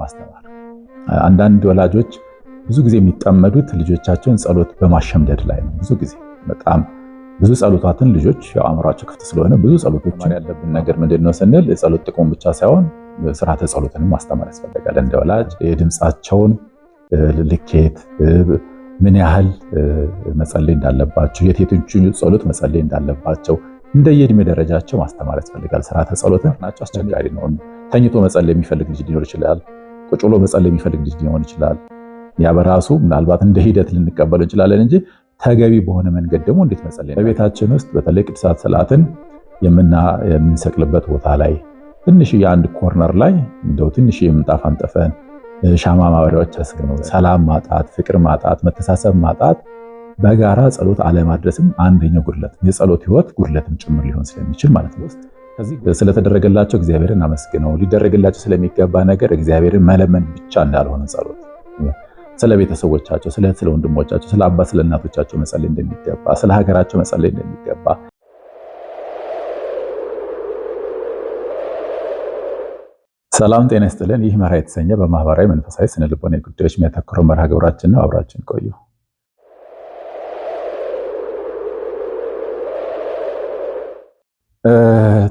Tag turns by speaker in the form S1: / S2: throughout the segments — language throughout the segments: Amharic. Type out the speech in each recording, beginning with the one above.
S1: ማስተማር አንዳንድ ወላጆች ብዙ ጊዜ የሚጠመዱት ልጆቻቸውን ጸሎት በማሸምደድ ላይ ነው። ብዙ ጊዜ በጣም ብዙ ጸሎታትን ልጆች አእምሯቸው ክፍት ስለሆነ ብዙ ጸሎቶች
S2: ያለብን ነገር ምንድን ነው ስንል የጸሎት ጥቅሙን ብቻ ሳይሆን ስርዓተ ጸሎትንም ማስተማር ያስፈልጋል። እንደ ወላጅ የድምፃቸውን ልኬት ምን ያህል መጸለይ እንዳለባቸው፣ የቴቶቹን ጸሎት መጸለይ እንዳለባቸው እንደየእድሜ ደረጃቸው ማስተማር ያስፈልጋል። ስርዓተ ጸሎትን ናቸው አስቸጋሪ ነው። ተኝቶ መጸለይ የሚፈልግ ልጅ ሊኖር ይችላል። ቁጭሎ መጸለይ የሚፈልግ ልጅ ሊሆን ይችላል። ያ በራሱ ምናልባት እንደ ሂደት ልንቀበለው እንችላለን እንጂ ተገቢ በሆነ መንገድ ደግሞ እንዴት መጸለይ በቤታችን ውስጥ በተለይ ቅዱሳት ስዕላትን የምንሰቅልበት ቦታ ላይ ትንሽ የአንድ ኮርነር ላይ እንደው ትንሽ የምንጣፍ አንጠፈን ሻማ ማብሪያዎች ያስገነው ሰላም ማጣት፣ ፍቅር ማጣት፣ መተሳሰብ ማጣት፣ በጋራ ጸሎት አለማድረስም አንደኛው ጉድለት የጸሎት ህይወት ጉድለትም ጭምር ሊሆን ስለሚችል ማለት ነው። ስለተደረገላቸው እግዚአብሔርን አመስግነው ሊደረግላቸው ስለሚገባ ነገር እግዚአብሔርን መለመን ብቻ እንዳልሆነ ጸሎት ስለ ቤተሰቦቻቸው፣ ስለ ስለ ወንድሞቻቸው፣ ስለ አባት ስለ እናቶቻቸው መጸለይ እንደሚገባ፣ ስለ ሀገራቸው መጸለይ እንደሚገባ ሰላም ጤና ይስጥልን። ይህ መርሃ የተሰኘ በማህበራዊ መንፈሳዊ ስነ ልቦና ጉዳዮች የሚያተኩረው መርሃ ግብራችን ነው። አብራችን ቆዩ።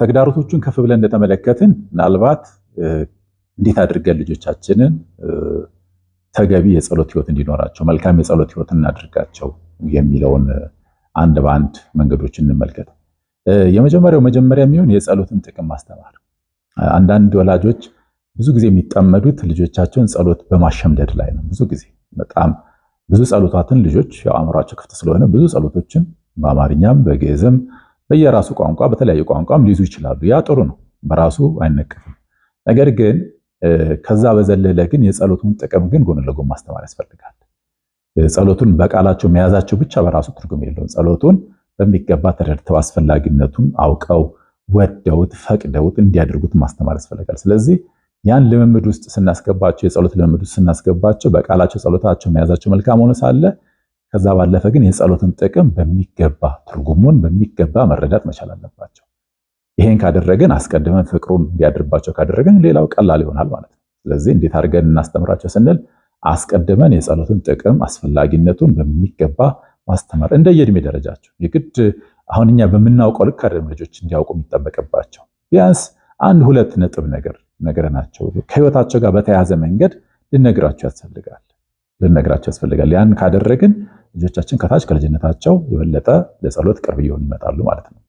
S2: ተግዳሮቶቹን ከፍ ብለን እንደተመለከትን ምናልባት እንዴት አድርገን ልጆቻችንን ተገቢ የጸሎት ህይወት እንዲኖራቸው መልካም የጸሎት ህይወት እናድርጋቸው የሚለውን አንድ በአንድ መንገዶች እንመልከት። የመጀመሪያው መጀመሪያ የሚሆን የጸሎትን ጥቅም ማስተማር። አንዳንድ ወላጆች ብዙ ጊዜ የሚጠመዱት ልጆቻቸውን ጸሎት በማሸምደድ ላይ ነው። ብዙ ጊዜ በጣም ብዙ ጸሎታትን ልጆች አእምሯቸው ክፍት ስለሆነ ብዙ ጸሎቶችን በአማርኛም በግዕዝም በየራሱ ቋንቋ በተለያዩ ቋንቋም ሊይዙ ይችላሉ። ያ ጥሩ ነው፣ በራሱ አይነቀፍም ነገር ግን ከዛ በዘለለ ግን የጸሎቱን ጥቅም ግን ጎን ለጎን ማስተማር ያስፈልጋል። ጸሎቱን በቃላቸው መያዛቸው ብቻ በራሱ ትርጉም የለውም። ጸሎቱን በሚገባ ተረድተው አስፈላጊነቱን አውቀው ወደውት ፈቅደውት እንዲያደርጉት ማስተማር ያስፈልጋል። ስለዚህ ያን ልምምድ ውስጥ ስናስገባቸው የጸሎት ልምምድ ውስጥ ስናስገባቸው በቃላቸው ጸሎታቸው መያዛቸው መልካም ሆኖ ሳለ ከዛ ባለፈ ግን የጸሎትን ጥቅም በሚገባ ትርጉሙን በሚገባ መረዳት መቻል አለባቸው። ይሄን ካደረገን አስቀድመን ፍቅሩን እንዲያድርባቸው ካደረገን ሌላው ቀላል ይሆናል ማለት ነው። ስለዚህ እንዴት አድርገን እናስተምራቸው ስንል አስቀድመን የጸሎትን ጥቅም አስፈላጊነቱን በሚገባ ማስተማር እንደየእድሜ ደረጃቸው የግድ አሁን እኛ በምናውቀው ልክ አይደለም ልጆች እንዲያውቁ የሚጠበቅባቸው ቢያንስ አንድ ሁለት ነጥብ ነገር ነገረናቸው ከህይወታቸው ጋር በተያያዘ መንገድ ልነግራቸው ያስፈልጋል ልነግራቸው ያስፈልጋል። ያን ካደረግን ልጆቻችን ከታች ከልጅነታቸው የበለጠ ለጸሎት ቅርብ እየሆኑ ይመጣሉ ማለት ነው።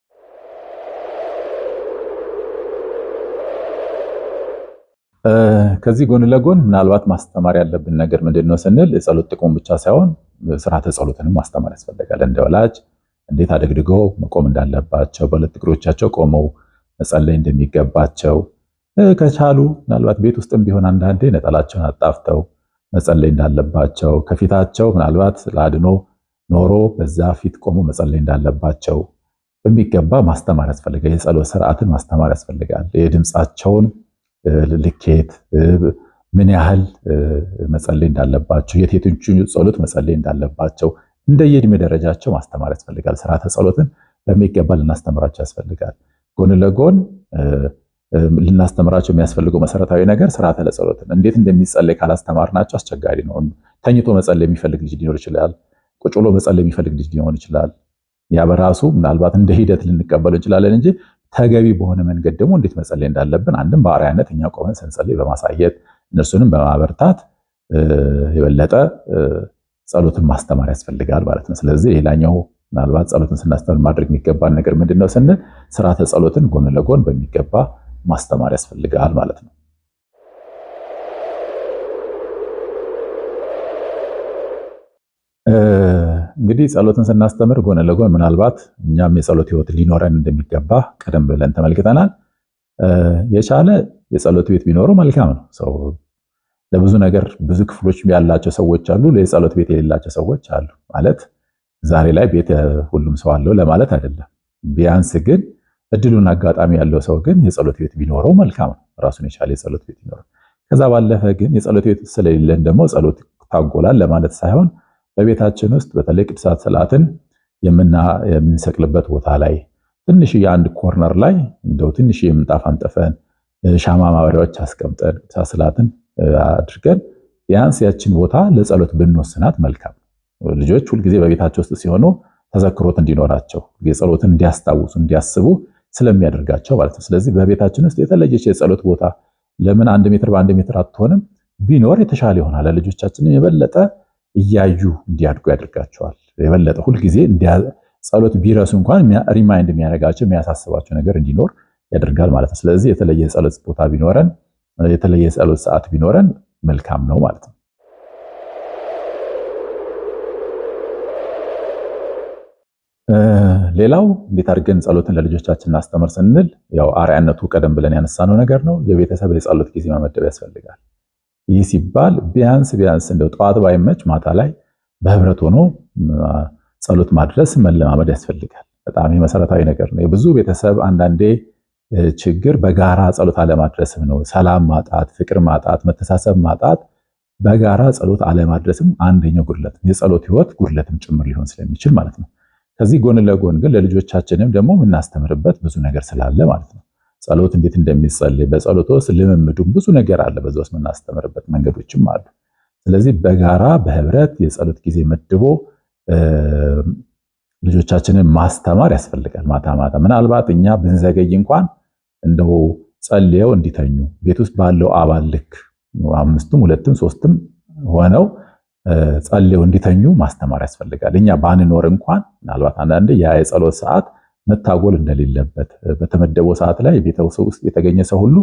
S2: ከዚህ ጎን ለጎን ምናልባት ማስተማር ያለብን ነገር ምንድን ነው ስንል የጸሎት ጥቅሙን ብቻ ሳይሆን ስርዓተ ጸሎትንም ማስተማር ያስፈልጋል። እንደ ወላጅ እንዴት አደግድገው መቆም እንዳለባቸው፣ በሁለት እግሮቻቸው ቆመው መጸለይ እንደሚገባቸው ከቻሉ ምናልባት ቤት ውስጥም ቢሆን አንዳንዴ ነጠላቸውን አጣፍተው መጸለይ እንዳለባቸው፣ ከፊታቸው ምናልባት ለአድኖ ኖሮ በዛ ፊት ቆሞ መጸለይ እንዳለባቸው በሚገባ ማስተማር ያስፈልጋል። የጸሎት ስርዓትን ማስተማር ያስፈልጋል። የድምፃቸውን ልኬት ምን ያህል መጸለይ እንዳለባቸው የቴቶቹን ጸሎት መጸለይ እንዳለባቸው እንደየእድሜ ደረጃቸው ማስተማር ያስፈልጋል። ስርዓተ ጸሎትን በሚገባ ልናስተምራቸው ያስፈልጋል። ጎን ለጎን ልናስተምራቸው የሚያስፈልገው መሰረታዊ ነገር ስርዓተ ለጸሎትን እንዴት እንደሚጸለይ ካላስተማርናቸው አስቸጋሪ ነው። ተኝቶ መጸለይ የሚፈልግ ልጅ ሊኖር ይችላል። ቁጭ ብሎ መጸለይ የሚፈልግ ልጅ ሊሆን ይችላል። ያ በራሱ ምናልባት እንደ ሂደት ልንቀበለው እንችላለን እንጂ ተገቢ በሆነ መንገድ ደግሞ እንዴት መጸለይ እንዳለብን አንድም በአርአያነት እኛ ቆመን ስንጸልይ በማሳየት እነርሱንም በማበርታት የበለጠ ጸሎትን ማስተማር ያስፈልጋል ማለት ነው። ስለዚህ ሌላኛው ምናልባት ጸሎትን ስናስተምር ማድረግ የሚገባን ነገር ምንድን ነው ስንል ስርዓተ ጸሎትን ጎን ለጎን በሚገባ ማስተማር ያስፈልጋል ማለት ነው። እንግዲህ ጸሎትን ስናስተምር ጎን ለጎን ምናልባት እኛም የጸሎት ህይወት ሊኖረን እንደሚገባ ቀደም ብለን ተመልክተናል። የቻለ የጸሎት ቤት ቢኖረው መልካም ነው። ሰው ለብዙ ነገር ብዙ ክፍሎች ያላቸው ሰዎች አሉ፣ የጸሎት ቤት የሌላቸው ሰዎች አሉ። ማለት ዛሬ ላይ ቤት ሁሉም ሰው አለው ለማለት አይደለም። ቢያንስ ግን እድሉን አጋጣሚ ያለው ሰው ግን የጸሎት ቤት ቢኖረው መልካም ነው። ራሱን የቻለ የጸሎት ቤት ቢኖረው። ከዛ ባለፈ ግን የጸሎት ቤት ስለሌለን ደግሞ ጸሎት ታጎላል ለማለት ሳይሆን በቤታችን ውስጥ በተለይ ቅድሳት ሰላትን የምንሰቅልበት ቦታ ላይ ትንሽ የአንድ ኮርነር ላይ እንደው ትንሽ የምንጣፍ አንጠፈን ሻማ ማብሪያዎች አስቀምጠን ቅድሳት ሰላትን አድርገን ቢያንስ ያችን ቦታ ለጸሎት ብንወስናት መልካም። ልጆች ሁልጊዜ በቤታቸው ውስጥ ሲሆኑ ተዘክሮት እንዲኖራቸው የጸሎትን እንዲያስታውሱ እንዲያስቡ ስለሚያደርጋቸው ማለት ነው። ስለዚህ በቤታችን ውስጥ የተለየች የጸሎት ቦታ ለምን አንድ ሜትር በአንድ ሜትር አትሆንም? ቢኖር የተሻለ ይሆናል። ለልጆቻችንም የበለጠ እያዩ እንዲያድጉ ያደርጋቸዋል። የበለጠ ሁልጊዜ ጸሎት ቢረሱ እንኳን ሪማይንድ የሚያደርጋቸው የሚያሳስባቸው ነገር እንዲኖር ያደርጋል ማለት ነው። ስለዚህ የተለየ ጸሎት ቦታ ቢኖረን፣ የተለየ ጸሎት ሰዓት ቢኖረን መልካም ነው ማለት ነው። ሌላው እንዴት አድርገን ጸሎትን ለልጆቻችን እናስተምር ስንል ያው አርአያነቱ ቀደም ብለን ያነሳነው ነገር ነው። የቤተሰብ የጸሎት ጊዜ መመደብ ያስፈልጋል። ይህ ሲባል ቢያንስ ቢያንስ እንደው ጠዋት ባይመች ማታ ላይ በህብረት ሆኖ ጸሎት ማድረስ መለማመድ ያስፈልጋል። በጣም መሰረታዊ ነገር ነው። የብዙ ቤተሰብ አንዳንዴ ችግር በጋራ ጸሎት አለማድረስም ነው። ሰላም ማጣት፣ ፍቅር ማጣት፣ መተሳሰብ ማጣት በጋራ ጸሎት አለማድረስም አንደኛው ጉድለት ነው። የጸሎት ህይወት ጉድለትም ጭምር ሊሆን ስለሚችል ማለት ነው። ከዚህ ጎን ለጎን ግን ለልጆቻችንም ደግሞ የምናስተምርበት ብዙ ነገር ስላለ ማለት ነው ጸሎት እንዴት እንደሚጸልይ በጸሎት ውስጥ ልምምዱም ብዙ ነገር አለ። በዛ ውስጥ የምናስተምርበት መንገዶችም አሉ። ስለዚህ በጋራ በህብረት የጸሎት ጊዜ መድቦ ልጆቻችንን ማስተማር ያስፈልጋል። ማታ ማታ ምናልባት እኛ ብንዘገይ እንኳን እንደው ጸልየው እንዲተኙ ቤት ውስጥ ባለው አባል ልክ አምስቱም ሁለትም ሶስትም ሆነው ጸልየው እንዲተኙ ማስተማር ያስፈልጋል። እኛ ባንኖር እንኳን ምናልባት አንዳንዴ ያ የጸሎት ሰዓት መታጎል እንደሌለበት በተመደበው ሰዓት ላይ ቤተሰብ ውስጥ የተገኘ ሰው ሁሉ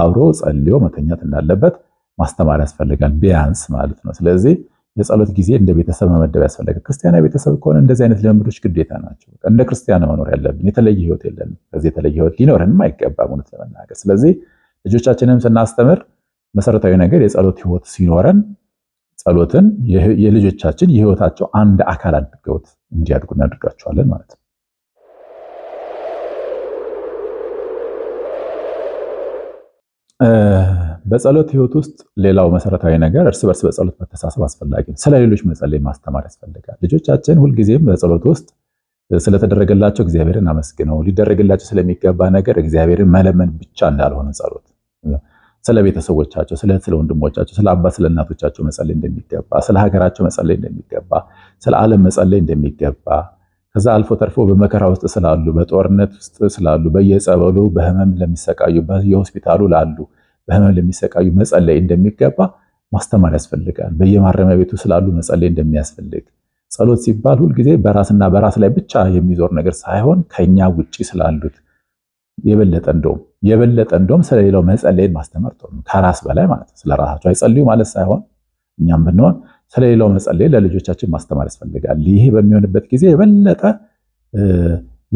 S2: አብሮ ጸልዮ መተኛት እንዳለበት ማስተማር ያስፈልጋል፣ ቢያንስ ማለት ነው። ስለዚህ የጸሎት ጊዜ እንደ ቤተሰብ መመደብ ያስፈልጋል። ክርስቲያና ቤተሰብ ከሆነ እንደዚህ አይነት ልምምዶች ግዴታ ናቸው። እንደ ክርስቲያን መኖር ያለብን የተለየ ህይወት የለንም። ከዚህ የተለየ ህይወት ሊኖረንም አይገባም እውነት ለመናገር። ስለዚህ ልጆቻችንም ስናስተምር መሰረታዊ ነገር የጸሎት ህይወት ሲኖረን ጸሎትን የልጆቻችን የህይወታቸው አንድ አካል አድርገውት እንዲያድጉ እናደርጋቸዋለን ማለት ነው። በጸሎት ህይወት ውስጥ ሌላው መሰረታዊ ነገር እርስ በርስ በጸሎት መተሳሰብ አስፈላጊ ነው። ስለሌሎች መጸለይ ማስተማር ያስፈልጋል። ልጆቻችን ሁልጊዜም በጸሎት ውስጥ ስለተደረገላቸው እግዚአብሔርን አመስግነው ሊደረግላቸው ስለሚገባ ነገር እግዚአብሔርን መለመን ብቻ እንዳልሆነ ጸሎት ስለ ቤተሰቦቻቸው፣ ስለ ስለ ወንድሞቻቸው፣ ስለ አባት ስለ እናቶቻቸው መጸለይ እንደሚገባ፣ ስለ ሀገራቸው መጸለይ እንደሚገባ፣ ስለ ዓለም መጸለይ እንደሚገባ ከዛ አልፎ ተርፎ በመከራ ውስጥ ስላሉ፣ በጦርነት ውስጥ ስላሉ፣ በየጸበሉ በህመም ለሚሰቃዩ፣ በየሆስፒታሉ ላሉ በህመም ለሚሰቃዩ መጸለይ እንደሚገባ ማስተማር ያስፈልጋል። በየማረሚያ ቤቱ ስላሉ መጸለይ እንደሚያስፈልግ ጸሎት ሲባል ሁልጊዜ በራስና በራስ ላይ ብቻ የሚዞር ነገር ሳይሆን ከኛ ውጭ ስላሉት የበለጠ እንደውም የበለጠ እንደውም ስለሌላው መጸለይን ማስተማር ጥሩ ነው። ከራስ በላይ ማለት ነው። ስለራሳቸው አይጸልዩ ማለት ሳይሆን እኛም ብንሆን ስለሌላው መጸለይ ለልጆቻችን ማስተማር ያስፈልጋል። ይሄ በሚሆንበት ጊዜ የበለጠ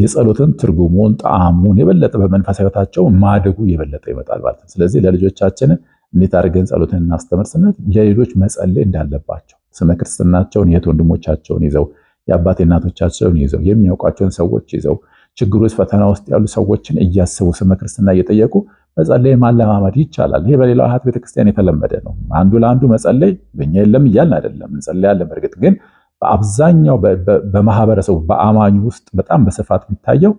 S2: የጸሎትን ትርጉሙን ጣዕሙን የበለጠ በመንፈሳዊ ሕይወታቸው ማደጉ የበለጠ ይመጣል ማለት ነው። ስለዚህ ለልጆቻችን እንዴት አድርገን ጸሎትን እናስተምር ስንል ለሌሎች መጸለይ እንዳለባቸው ስመ ክርስትናቸውን የእህት ወንድሞቻቸውን ይዘው የአባት እናቶቻቸውን ይዘው የሚያውቋቸውን ሰዎች ይዘው ችግር ፈተና ውስጥ ያሉ ሰዎችን እያሰቡ ስመ ክርስትና እየጠየቁ መጸለይ ማለማመድ ይቻላል። ይሄ በሌላው ሀት ቤተክርስቲያን የተለመደ ነው። አንዱ ለአንዱ መጸለይ በእኛ የለም እያልን አይደለም፣ እንጸለያለን በእርግጥ ግን በአብዛኛው በማህበረሰቡ በአማኙ ውስጥ በጣም በስፋት የሚታየው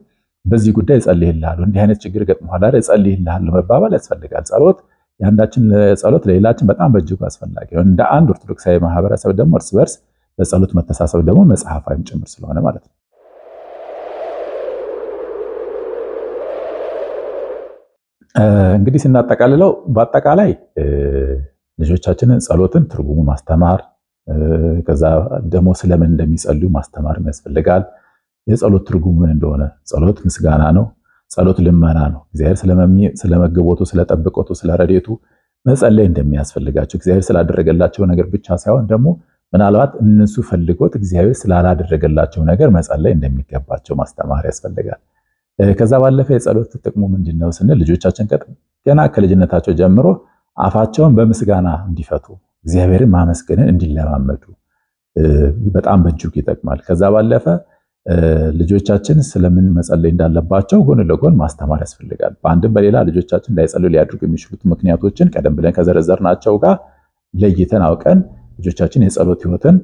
S2: በዚህ ጉዳይ እጸልይልሃለሁ፣ እንዲህ አይነት ችግር ገጥሞሃል አይደል? እጸልይልሃለሁ መባባል ያስፈልጋል። ጸሎት የአንዳችን ጸሎት ለሌላችን በጣም በእጅጉ አስፈላጊ ነው። እንደ አንድ ኦርቶዶክሳዊ ማህበረሰብ ደግሞ እርስ በርስ በጸሎት መተሳሰብ ደግሞ መጽሐፋዊም ጭምር ስለሆነ ማለት ነው። እንግዲህ ስናጠቃልለው በአጠቃላይ ልጆቻችንን ጸሎትን ትርጉሙ ማስተማር ከዛ ደግሞ ስለምን እንደሚጸልዩ ማስተማር ያስፈልጋል። የጸሎት ትርጉም ምን እንደሆነ፣ ጸሎት ምስጋና ነው። ጸሎት ልመና ነው። እግዚአብሔር ስለመግቦቱ፣ ስለጠብቆቱ፣ ስለረዴቱ መጸለይ እንደሚያስፈልጋቸው እግዚአብሔር ስላደረገላቸው ነገር ብቻ ሳይሆን ደግሞ ምናልባት እነሱ ፈልጎት እግዚአብሔር ስላላደረገላቸው ነገር መጸለይ እንደሚገባቸው ማስተማር ያስፈልጋል። ከዛ ባለፈ የጸሎት ጥቅሙ ምንድነው ስንል ልጆቻችን ገና ከልጅነታቸው ጀምሮ አፋቸውን በምስጋና እንዲፈቱ እግዚአብሔርን ማመስገንን እንዲለማመዱ በጣም በእጅጉ ይጠቅማል። ከዛ ባለፈ ልጆቻችን ስለምን መጸለይ እንዳለባቸው ጎን ለጎን ማስተማር ያስፈልጋል። በአንድም በሌላ ልጆቻችን ላይጸልዩ ሊያደርጉ የሚችሉት ምክንያቶችን ቀደም ብለን ከዘረዘርናቸው ጋር ለይተን አውቀን ልጆቻችን የጸሎት ህይወትን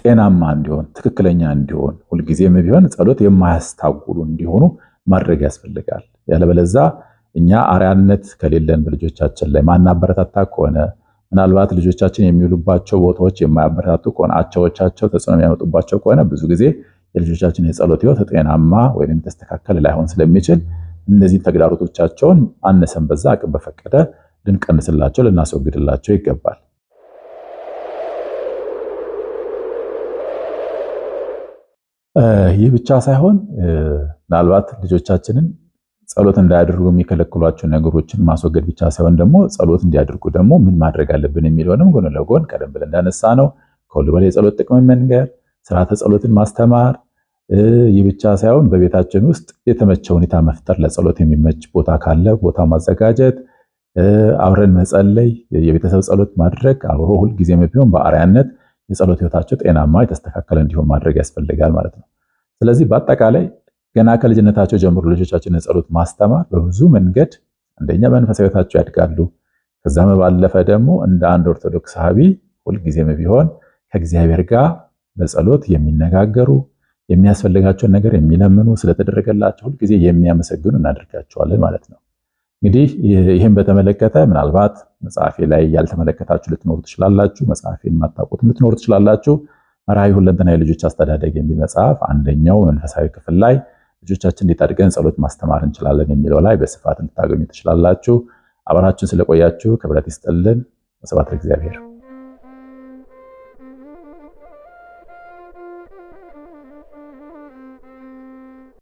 S2: ጤናማ እንዲሆን ትክክለኛ እንዲሆን ሁልጊዜም ቢሆን ጸሎት የማያስታጉሉ እንዲሆኑ ማድረግ ያስፈልጋል። ያለበለዛ እኛ አርያነት ከሌለን በልጆቻችን ላይ ማናበረታታ ከሆነ ምናልባት ልጆቻችን የሚውሉባቸው ቦታዎች የማያበረታቱ ከሆነ አቻዎቻቸው ተጽዕኖ የሚያመጡባቸው ከሆነ ብዙ ጊዜ የልጆቻችን የጸሎት ህይወት ጤናማ ወይም የተስተካከለ ላይሆን ስለሚችል እነዚህ ተግዳሮቶቻቸውን አነሰን በዛ አቅም በፈቀደ ልንቀንስላቸው ልናስወግድላቸው ይገባል። ይህ ብቻ ሳይሆን ምናልባት ልጆቻችንን ጸሎት እንዳያደርጉ የሚከለክሏቸው ነገሮችን ማስወገድ ብቻ ሳይሆን ደግሞ ጸሎት እንዲያደርጉ ደግሞ ምን ማድረግ አለብን የሚለውንም ጎን ለጎን ቀደም ብለን እንዳነሳ ነው። ከሁሉ በላይ የጸሎት ጥቅም መንገር፣ ስርዓተ ጸሎትን ማስተማር። ይህ ብቻ ሳይሆን በቤታችን ውስጥ የተመቸ ሁኔታ መፍጠር፣ ለጸሎት የሚመች ቦታ ካለ ቦታ ማዘጋጀት፣ አብረን መጸለይ፣ የቤተሰብ ጸሎት ማድረግ፣ አብሮ ሁልጊዜም ቢሆን በአርያነት የጸሎት ህይወታቸው ጤናማ የተስተካከለ እንዲሆን ማድረግ ያስፈልጋል ማለት ነው። ስለዚህ በአጠቃላይ ገና ከልጅነታቸው ጀምሮ ልጆቻችንን ጸሎት ማስተማር በብዙ መንገድ አንደኛ መንፈሳዊታቸው ያድጋሉ። ከዛም ባለፈ ደግሞ እንደ አንድ ኦርቶዶክስ ሳቢ ሁልጊዜም ቢሆን ከእግዚአብሔር ጋር በጸሎት የሚነጋገሩ የሚያስፈልጋቸውን ነገር የሚለምኑ ስለተደረገላቸው ሁልጊዜ የሚያመሰግኑ እናደርጋቸዋለን ማለት ነው። እንግዲህ ይህን በተመለከተ ምናልባት መጽሐፌ ላይ ያልተመለከታችሁ ልትኖሩ ትችላላችሁ። መጽሐፌን ማታውቁት ልትኖሩ ትችላላችሁ። መርሃዊ ሁለንተናዊ ልጆች አስተዳደግ የሚል መጽሐፍ አንደኛው መንፈሳዊ ክፍል ላይ ልጆቻችን እንዴት አድርገን ጸሎት ማስተማር እንችላለን የሚለው ላይ በስፋት እንድታገኙ ትችላላችሁ። አብራችሁን ስለቆያችሁ ክብረት ይስጥልን። ስብሐት ለእግዚአብሔር።